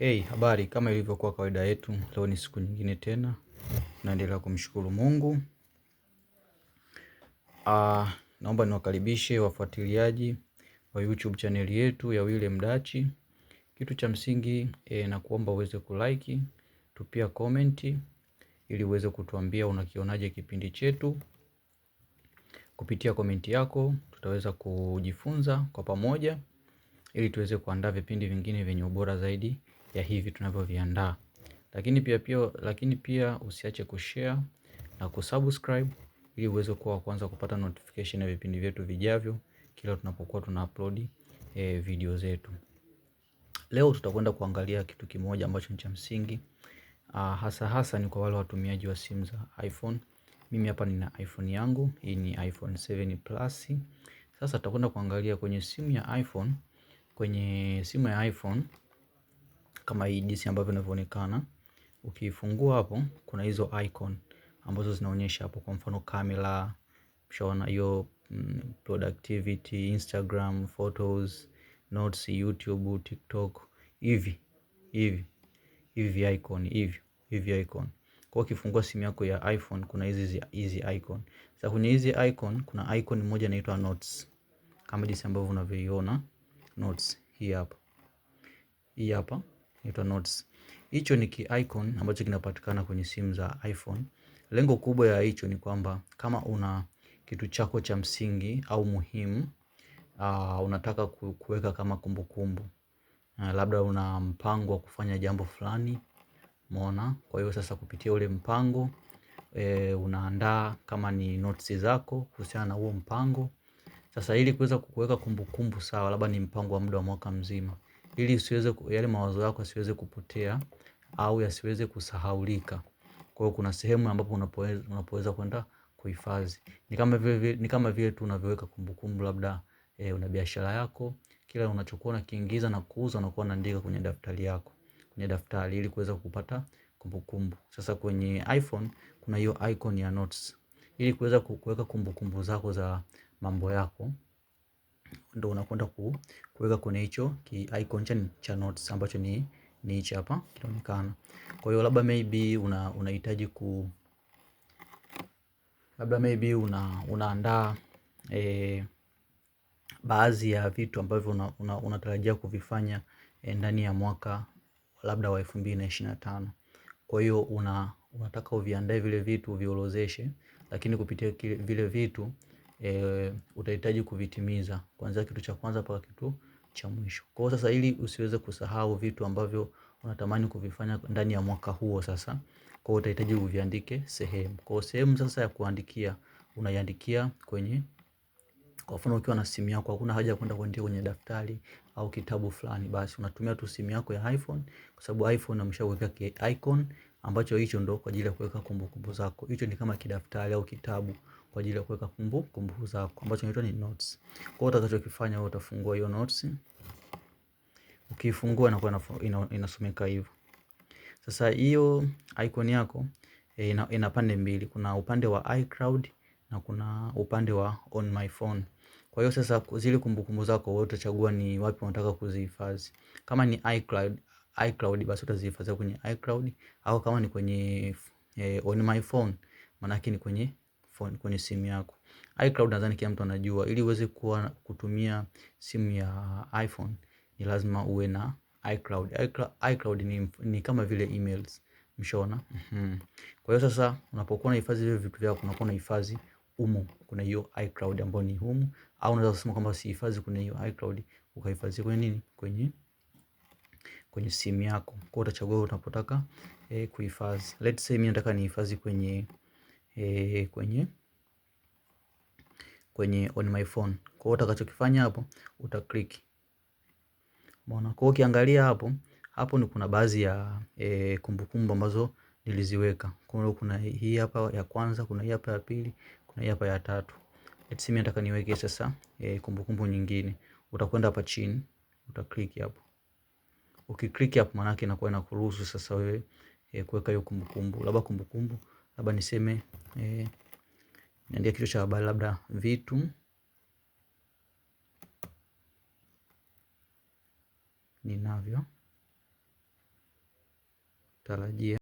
Hey, habari. Kama ilivyokuwa kawaida yetu, leo ni siku nyingine tena, naendelea kumshukuru Mungu. Ah, naomba niwakaribishe wafuatiliaji wa YouTube chaneli yetu ya Wile Mdachi. Kitu cha msingi e, eh, na kuomba uweze kulike, tupia comment ili uweze kutuambia unakionaje kipindi chetu. Kupitia komenti yako tutaweza kujifunza kwa pamoja ili tuweze kuandaa vipindi vingine vyenye ubora zaidi ya hivi tunavyoviandaa. Lakini pia pia lakini pia usiache kushare na kusubscribe ili uweze kuwa wa kwanza kupata notification ya vipindi vyetu vijavyo kila tunapokuwa tuna upload e, video zetu. Leo tutakwenda kuangalia kitu kimoja ambacho ni cha msingi uh, hasa hasa ni kwa wale watumiaji wa simu za iPhone. Mimi hapa nina iPhone yangu, hii ni iPhone 7 Plus. Sasa tutakwenda kuangalia kwenye simu ya iPhone, kwenye simu ya iPhone kama hii jinsi ambavyo inavyoonekana. Ukifungua hapo kuna hizo icon ambazo zinaonyesha hapo, kwa mfano kamera, ushaona hiyo mm, productivity, Instagram, photos, notes, YouTube, TikTok, hivi hivi hivi icon hivi hivi icon. Kwa ukifungua simu yako ya iPhone kuna hizi hizi icon. Sasa kwenye hizi icon kuna icon moja inaitwa notes, kama jinsi ambavyo unavyoiona notes hii hapa, hii hapa inaitwa Notes. Hicho ni ki icon ambacho kinapatikana kwenye simu za iPhone. Lengo kubwa ya hicho ni kwamba kama una kitu chako cha msingi au muhimu uh, unataka kuweka kama kumbukumbu kumbu. uh, ah, labda una mpango wa kufanya jambo fulani mona. Kwa hiyo sasa kupitia ule mpango e, unaandaa kama ni notes zako kuhusiana na huo mpango. Sasa ili kuweza kuweka kumbukumbu sawa, labda ni mpango wa muda wa mwaka mzima ili usiweze yale mawazo yako yasiweze kupotea au yasiweze kusahaulika. Kwa hiyo kuna sehemu ambapo unapoweza kwenda kuhifadhi. Ni kama vile ni kama vile tu unavyoweka kumbukumbu labda eh, una biashara yako, kila unachokuwa unakiingiza na kuuza unakuwa unaandika kwenye daftari yako, kwenye daftari ili kuweza kupata kumbukumbu. Sasa kwenye iPhone kuna hiyo icon ya notes ili kuweza kuweka kumbukumbu zako za mambo yako ndo unakwenda kuweka kwenye hicho ki icon cha notes ambacho ni ni hichi hapa kinaonekana. Kwa hiyo labda maybe una unahitaji ku labda maybe una unaandaa e, baadhi ya vitu ambavyo unatarajia una, una kuvifanya e, ndani ya mwaka labda wa 2025. Kwa hiyo una unataka uviandae vile vitu uviorozeshe, lakini kupitia vile vitu e, utahitaji kuvitimiza kuanzia kitu cha kwanza mpaka kitu cha mwisho. Kwa hiyo sasa, ili usiweze kusahau vitu ambavyo unatamani kuvifanya ndani ya mwaka huo, sasa kwa hiyo utahitaji uviandike sehemu. Kwa hiyo sehemu sasa ya kuandikia unaiandikia kwenye kwa mfano ukiwa na simu yako, hakuna haja ya kwenda kuandika kwenye daftari au kitabu fulani, basi unatumia tu simu yako ya iPhone, kwa sababu iPhone ameshaweka icon ambacho hicho ndo kwa ajili ya kuweka kumbukumbu zako. Hicho ni kama kidaftari au kitabu kwa ajili ya kuweka kumbukumbu zako ambacho inaitwa ni notes. Kwa hiyo utakachokifanya wewe utafungua hiyo notes. Ukifungua inakuwa inasomeka hivyo. Sasa hiyo icon yako e, ina, ina pande mbili. Kuna upande wa iCloud na kuna upande wa on my phone. Kwa hiyo sasa zile kumbukumbu zako wewe utachagua ni wapi unataka kuzihifadhi. Kama ni iCloud, iCloud, basi utazihifadhi kwenye iCloud au kama ni kwenye eh, on my phone, maanake ni kwenye phone, kwenye simu yako. iCloud nadhani kila mtu anajua, ili uweze kuwa kutumia simu ya iPhone ni lazima uwe na iCloud. iCloud, ni, ni kama vile emails mshona. Mm-hmm. Kwa hiyo sasa unapokuwa unahifadhi vile vitu vyako unakuwa unahifadhi umu, kuna hiyo iCloud ambayo ni humu, au unaweza kusema kwamba sihifadhi kuna hiyo iCloud ukahifadhi kwenye nini, kwenye kwenye simu yako. Kwa utachagua unapotaka e, kuhifadhi. Let's say mimi nataka nihifadhi kwenye e, kwenye kwenye on my phone. Kwa hiyo utakachokifanya hapo uta click. Umeona? Kwa hiyo ukiangalia hapo hapo ni kuna baadhi ya e, kumbukumbu ambazo niliziweka. Kuna kuna hii hapa ya kwanza, kuna hii hapa ya pili, kuna hii hapa ya tatu. Let's see mimi nataka niweke sasa e, kumbukumbu nyingine. Utakwenda hapa chini, uta click hapo. Ukiklik hapo manake inakuwa inakuruhusu sasa wewe e, kuweka hiyo kumbukumbu. Labda kumbukumbu, labda niseme e, niandike kichwa cha habari labda vitu ninavyo tarajia.